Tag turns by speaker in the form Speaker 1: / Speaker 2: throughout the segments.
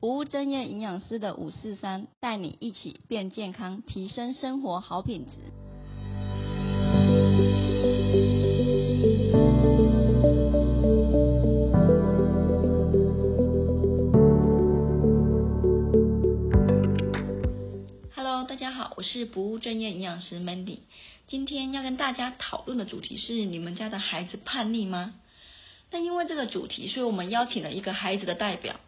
Speaker 1: 不務正業營養師的五四三帶你一起變健康，提升生活好品質。Hello，大家好，我是不務正業營養師 Mandy。今天要跟大家討論的主題是：你們家的孩子叛逆嗎？那因為這個主題，所以我們邀請了一個孩子的代表。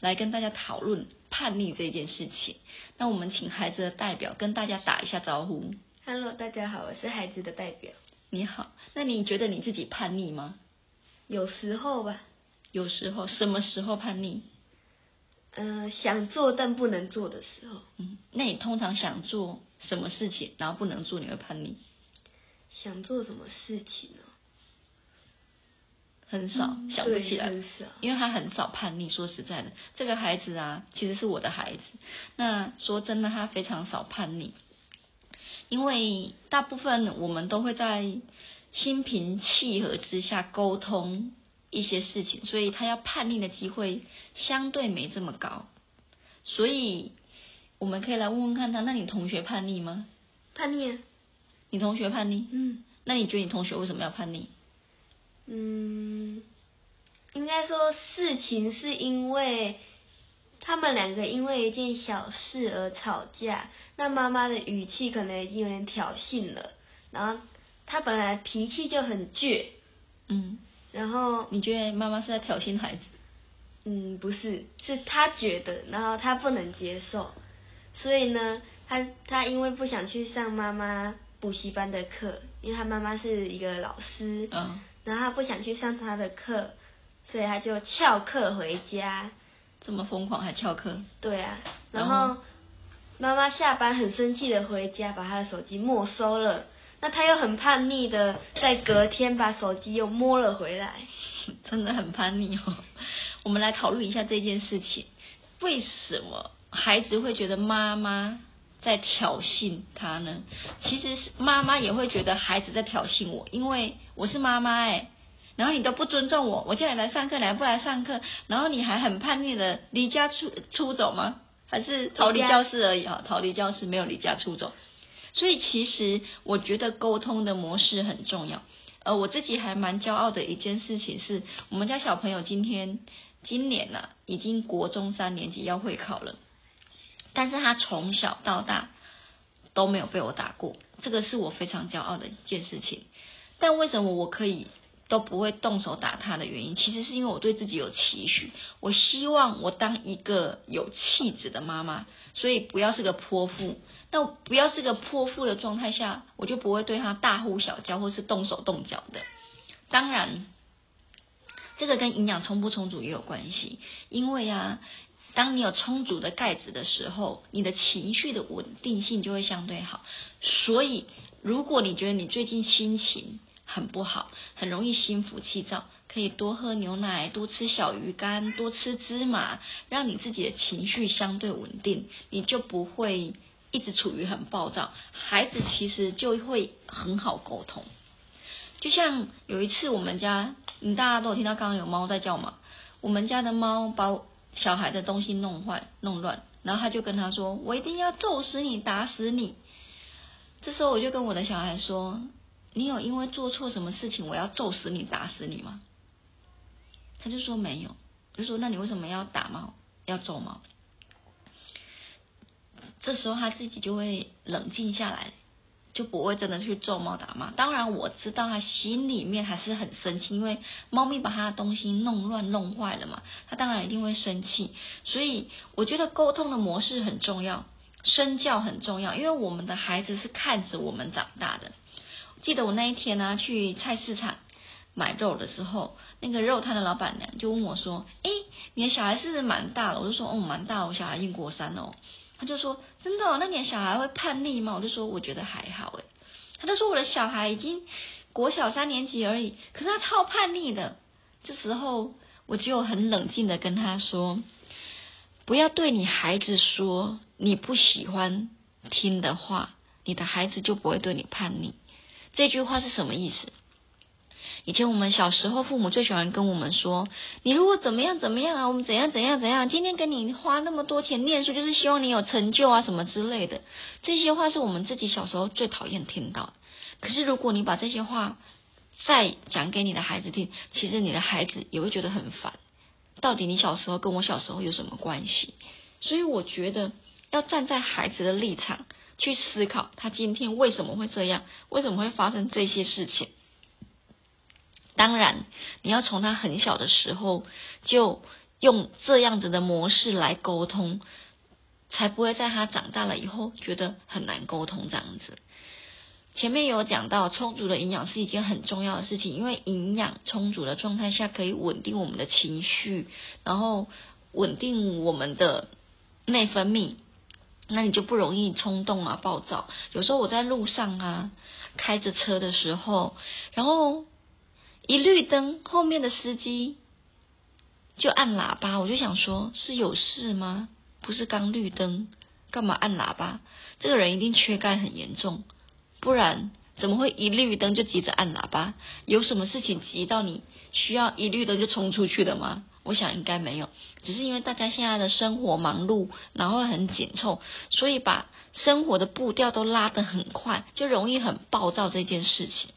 Speaker 1: 來跟大家討論叛逆這件事情。那我們請孩子的代表跟大家打一下招呼。Hello，大家好，我是孩子的代表。你好，那你覺得你自己叛逆嗎？有時候吧。有時候，什麼時候叛逆？呃，想做但不能做的時候。嗯，那你通常想做什麼事情，然後不能做，你會叛逆？想做什麼事情呢？很少、嗯、想不起來，因為他很少叛逆。說實在的，這個孩子啊，其實是我的孩子。那說真的，他非常少叛逆，因為大部分我們都會在心平氣和之下溝通一些事情，所以他要叛逆的機會相對沒這麼高。所以我們可以來問問看他，那你同學叛逆嗎？叛逆啊。你同學叛逆？嗯。那你覺得你同學為什麼要叛逆？嗯，應該說事情是因為他們兩個因為一件小事而吵架。那媽媽的語氣可能已經有點挑釁了，然後他本來脾氣就很倔，嗯，然後然後，你覺得媽媽是在挑釁孩子？嗯，不是，是他覺得，然後他不能接受，所以呢，他他因為不想去上媽媽補習班的課，因為他媽媽是一個老師，嗯。然後他不想去上他的課，所以他就翹課回家。這麼瘋狂還翹課？對啊，然後，然後媽媽下班很生氣的回家，把他的手機沒收了。那他又很叛逆的，在隔天把手機又摸了回來。真的很叛逆哦。我們來討論一下這件事情，為什麼孩子會覺得媽媽在挑釁他呢，其實是媽媽也會覺得孩子在挑釁我，因為我是媽媽哎。然後你都不尊重我，我叫你來上課，你還不來上課，然後你還很叛逆的離家出出走嗎？還是逃離教室而已哈，逃離教室沒有離家出走。所以其實我覺得溝通的模式很重要。呃，我自己還蠻驕傲的一件事情是，我們家小朋友今天今年呢、啊，已經國中三年級要會考了。但是他從小到大都沒有被我打過，這個是我非常驕傲的一件事情。但為什麼我可以都不會動手打他的原因，其實是因為我對自己有期許，我希望我當一個有氣質的媽媽，所以不要是個潑婦。但不要是個潑婦的狀態下，我就不會對他大呼小叫或是動手動腳的。當然，這個跟營養充不充足也有關係，因為啊。當你有充足的鈣質的時候，你的情緒的穩定性就會相對好。所以，如果你覺得你最近心情很不好，很容易心浮氣躁，可以多喝牛奶，多吃小魚乾，多吃芝麻，讓你自己的情緒相對穩定，你就不會一直處於很暴躁，孩子其實就會很好溝通。就像有一次我們家，你大家都有聽到剛剛有貓在叫嘛，我們家的貓把小孩的東西弄壞、弄亂，然後他就跟他說：“我一定要揍死你，打死你。”這時候我就跟我的小孩說：“你有因為做錯什麼事情，我要揍死你、打死你嗎？”他就說沒有。就說：“那你為什麼要打貓，要揍貓？”這時候他自己就會冷靜下來。就不會真的去揍貓打貓。當然我知道他心裡面還是很生氣，因為貓咪把他的東西弄亂弄壞了嘛，他當然一定會生氣。所以我覺得溝通的模式很重要，身教很重要，因為我們的孩子，是看着我們長大的。記得我那一天呢、啊、去菜市場買肉的時候，那個肉攤的老闆娘就問我說：“哎，你的小孩是不是蠻大了？”我就說：“哦，蠻大，我小孩已經國三哦。”他就說：“真的哦，那年小孩會叛逆嗎？”我就說：“我覺得還好。”誒。他就說：“我的小孩已經國小三年級而已，可是他超叛逆的。”這時候，我就很冷靜的跟他說：“不要對你孩子說你不喜歡聽的話，你的孩子就不會對你叛逆。”這句話是什麼意思？以前我們小時候，父母最喜歡跟我們說：“你如果怎麼樣怎麼樣啊，我們怎樣怎樣怎樣。今天跟你花那麼多錢念書，就是希望你有成就啊，什麼之類的。”這些話是我們自己小時候最討厭聽到的。可是如果你把這些話再講給你的孩子聽，其實你的孩子也會覺得很煩。到底你小時候跟我小時候有什麼關係？所以我覺得要站在孩子的立場去思考，他今天為什麼會這樣，為什麼會發生這些事情。當然，你要從他很小的時候就用這樣子的模式來溝通，才不會在他長大了以後覺得很難溝通這樣子。前面有講到充足的營養是一件很重要的事情，因為營養充足的狀態下可以穩定我們的情緒，然後穩定我們的內分泌，那你就不容易衝動啊、暴躁。有時候我在路上啊，開着車的時候，然後。一綠燈，後面的司機就按喇叭，我就想說，是有事嗎？不是剛綠燈，幹嘛按喇叭？這個人一定缺鈣很嚴重，不然怎麼會一綠燈就急着按喇叭？有什麼事情急到你需要一綠燈就衝出去的嗎？我想應該沒有，只是因為大家現在的生活忙碌，然後很緊湊，所以把生活的步調都拉得很快，就容易很暴躁這件事情。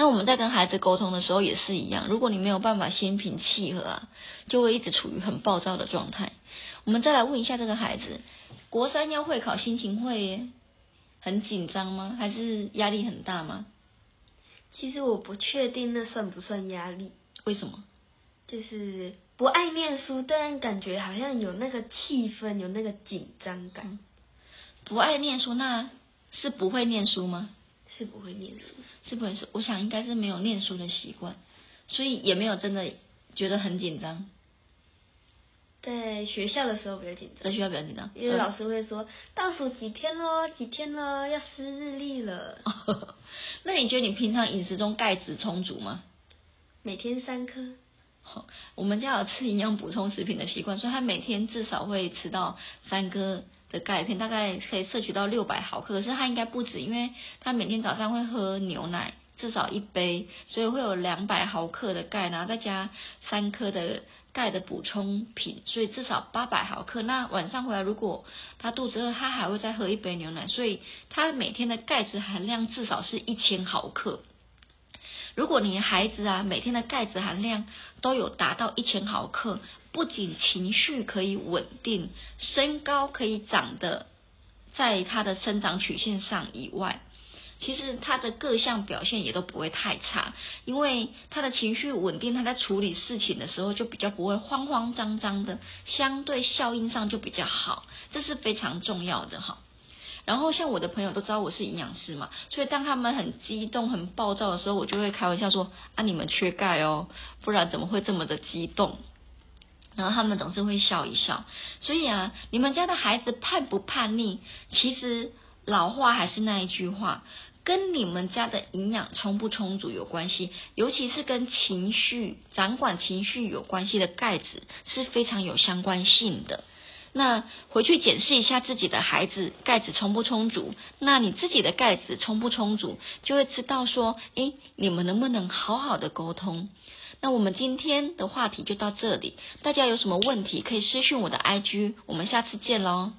Speaker 1: 那我們在跟孩子溝通的時候也是一樣，如果你沒有辦法心平氣和啊，就會一直處於很暴躁的狀態。我們再來問一下這個孩子，國三要會考，心情會很緊張嗎？還是壓力很大嗎？其實我不確定那算不算壓力。為什麼？就是不愛念書，但感覺好像有那個氣氛，有那個緊張感。不愛念書，那是不會念書嗎？是不會念書，是不會是，我想應該是沒有念書的習慣，所以也沒有真的覺得很緊張。在學校的時候比較緊張，在學校比較緊張，因為老師會說倒數幾天嘍，幾天嘍，要撕日曆了、哦呵呵。那你覺得你平常飲食中鈣質充足嗎？每天三顆、哦。我們家有吃營養補充食品的習慣，所以他每天至少會吃到三顆。的鈣片大概可以攝取到六百毫克，可是他應該不止，因為他每天早上會喝牛奶至少一杯，所以會有兩百毫克的鈣，然後再加三顆的鈣的補充品，所以至少八百毫克。那晚上回來如果他肚子餓，他還會再喝一杯牛奶，所以他每天的鈣質含量至少是一千毫克。如果你孩子啊每天的鈣質含量都有達到一千毫克，不僅情緒可以穩定，身高可以長得在他的生長曲線上以外，其實他的各項表現也都不會太差，因為他的情緒穩定，他在處理事情的時候就比較不會慌慌張張的，相對效應上就比較好，這是非常重要的哈。然後像我的朋友都知道我是營養師嘛，所以當他們很激動、很暴躁的時候，我就會開玩笑說啊，你們缺鈣哦，不然怎麼會這麼的激動？然後他們總是會笑一笑，所以啊，你們家的孩子叛不叛逆，其實老話還是那一句話，跟你們家的營養充不充足有關係，尤其是跟情緒掌管情緒有關係的鈣質是非常有相關性的。那回去檢視一下自己的孩子鈣質充不充足，那你自己的鈣質充不充足，就會知道說，哎，你們能不能好好的溝通？那我們今天的話題就到這裡，大家有什麼問題可以私訊我的 IG，我們下次見嘍。